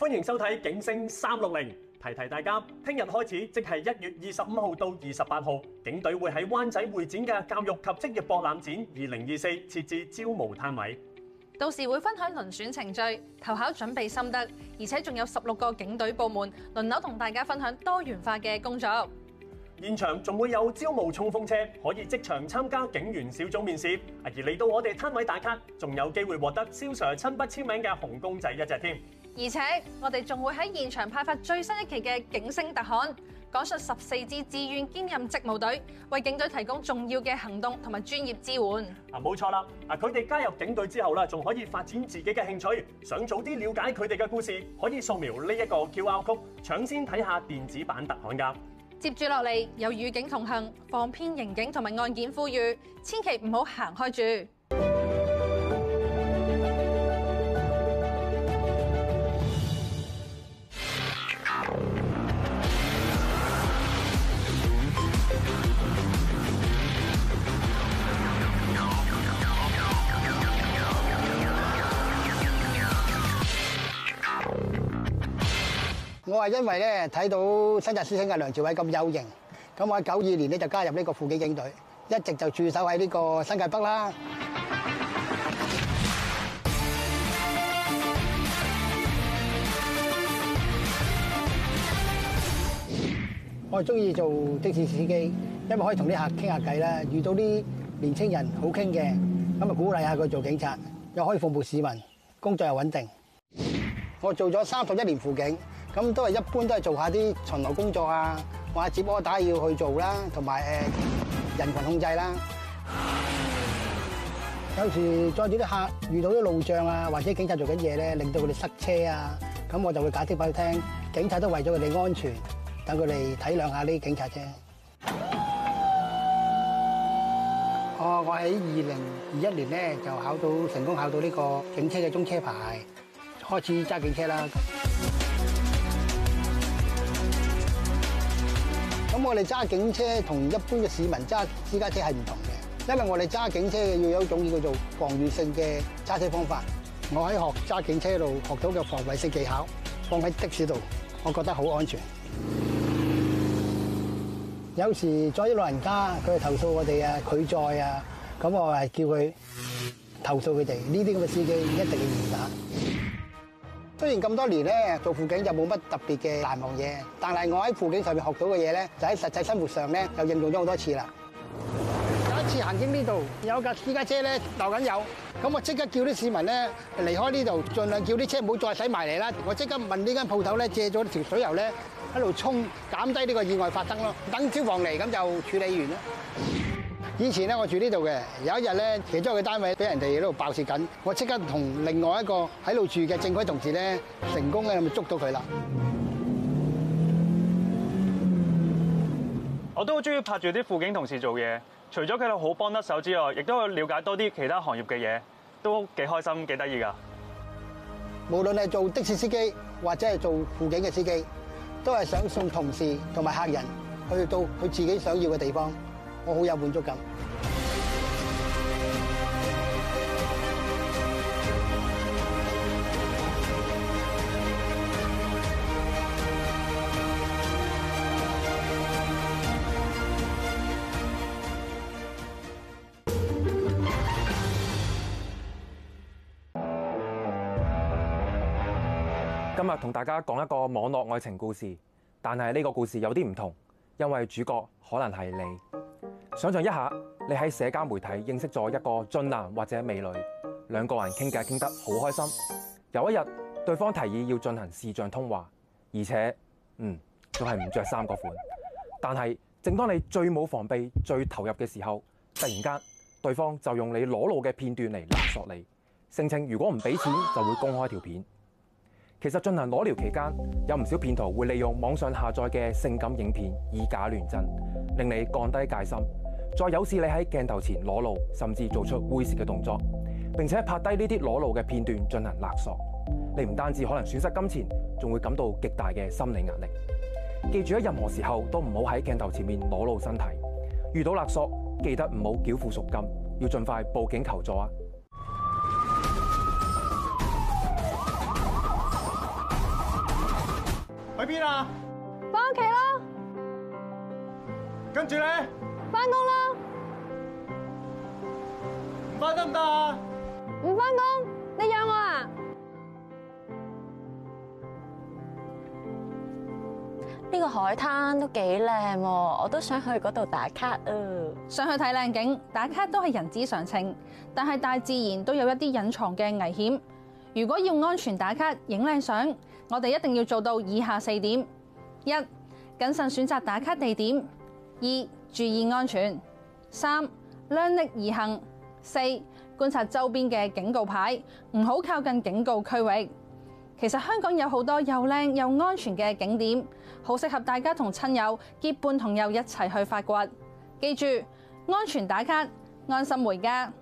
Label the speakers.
Speaker 1: 歡迎收睇《警聲三六零》，提提大家，聽日開始即係一月二十五號到二十八號，警隊會喺灣仔會展嘅教育及職業博覽展二零二四設置招募攤位。
Speaker 2: 到時會分享輪選程序、投考準備心得，而且仲有十六個警隊部門輪流同大家分享多元化嘅工作。
Speaker 1: 現場仲會有招募衝鋒車，可以即場參加警員小組面試。而嚟到我哋攤位打卡，仲有機會獲得肖 Sir 親筆簽名嘅紅公仔一隻添。
Speaker 2: 而且我哋仲會喺現場派發最新一期嘅《警聲特刊》，講述十四支志願兼任職務隊為警隊提供重要嘅行動同埋專業支援。
Speaker 1: 啊，冇錯啦！啊，佢哋加入警隊之後啦，仲可以發展自己嘅興趣。想早啲了解佢哋嘅故事，可以掃描呢一個 QR code 搶先睇下電子版特刊㗎。
Speaker 2: 接住落嚟有與警同行、防騙刑警同埋案件呼籲，千祈唔好行開住。
Speaker 3: 我係因為咧睇到新界師兄嘅梁朝偉咁有型，咁我喺九二年咧就加入呢個輔警警隊，一直就駐守喺呢個新界北啦。我中意做的士司機，因為可以同啲客傾下偈啦。遇到啲年青人好傾嘅，咁啊鼓勵下佢做警察，又可以服務市民，工作又穩定。我做咗三十一年輔警。咁都係一般，都係做下啲巡邏工作啊，或者接波打要去做啦，同埋誒人羣控制啦。有時載住啲客遇到啲路障啊，或者警察做緊嘢咧，令到佢哋塞車啊，咁我就會解釋翻佢聽，警察都為咗佢哋安全，等佢哋體諒下呢啲警察啫。哦，我喺二零二一年咧就考到成功考到呢個警車嘅中車牌，開始揸警車啦。咁我哋揸警車同一般嘅市民揸私家車係唔同嘅，因為我哋揸警車要有一種叫做防禦性嘅揸車方法。我喺學揸警車度學到嘅防衛性技巧，放喺的士度，我覺得好安全。有時再啲老人家佢投訴我哋啊，拒載啊，咁我係叫佢投訴佢哋呢啲咁嘅司機一定要嚴打。雖然咁多年咧做輔警就冇乜特別嘅難忘嘢，但係我喺輔警上面學到嘅嘢咧，就喺實際生活上咧又應用咗好多次啦。有一次行經呢度，有架私家車咧漏緊油，咁我即刻叫啲市民咧離開呢度，儘量叫啲車唔好再駛埋嚟啦。我即刻問呢間鋪頭咧借咗條水喉咧，喺度沖減低呢個意外發生咯。等消防嚟咁就處理完啦。以前咧，我住呢度嘅。有一日咧，其中嘅單位俾人哋喺度爆竊緊，我即刻同另外一個喺度住嘅正規同事咧，成功咁捉到佢啦。
Speaker 1: 我都好中意拍住啲輔警同事做嘢，除咗佢哋好幫得手之外，亦都瞭解多啲其他行業嘅嘢，都幾開心幾得意㗎。
Speaker 3: 無論係做的士司機或者係做輔警嘅司機，都係想送同事同埋客人去到佢自己想要嘅地方。我好有滿足感。
Speaker 4: 今日同大家講一個網絡愛情故事，但係呢個故事有啲唔同，因為主角可能係你。想象一下，你喺社交媒體認識咗一個俊男或者美女，兩個人傾偈傾得好開心。有一日，對方提議要進行視像通話，而且，嗯，仲係唔着三個款。但係，正當你最冇防備、最投入嘅時候，突然間，對方就用你裸露嘅片段嚟勒索你，聲稱如果唔俾錢就會公開條片。其實，進行裸聊期間，有唔少騙徒會利用網上下載嘅性感影片以假亂真，令你降低戒心。再誘使你喺鏡頭前裸露，甚至做出猥褻嘅動作，並且拍低呢啲裸露嘅片段進行勒索，你唔單止可能損失金錢，仲會感到極大嘅心理壓力。記住喺任何時候都唔好喺鏡頭前面裸露身體，遇到勒索記得唔好繳付贖金，要盡快報警求助啊！
Speaker 1: 去邊啊？翻屋企咯！跟住呢。
Speaker 2: 翻工咯，唔翻得唔得啊？唔翻工，你養我啊？呢個海灘都幾靚，我都想去嗰度打卡啊！想去睇靚景，打卡都係人之常情，但係大自然都有一啲隱藏嘅危險。如果要安全打卡、影靚相，我哋一定要做到以下四點：一、謹慎選擇打卡地點；二、注意安全，三、量力而行，四、觀察周邊嘅警告牌，唔好靠近警告區域。其實香港有好多又靚又安全嘅景點，好適合大家同親友結伴同遊一齊去發掘。記住，安全打卡，安心回家。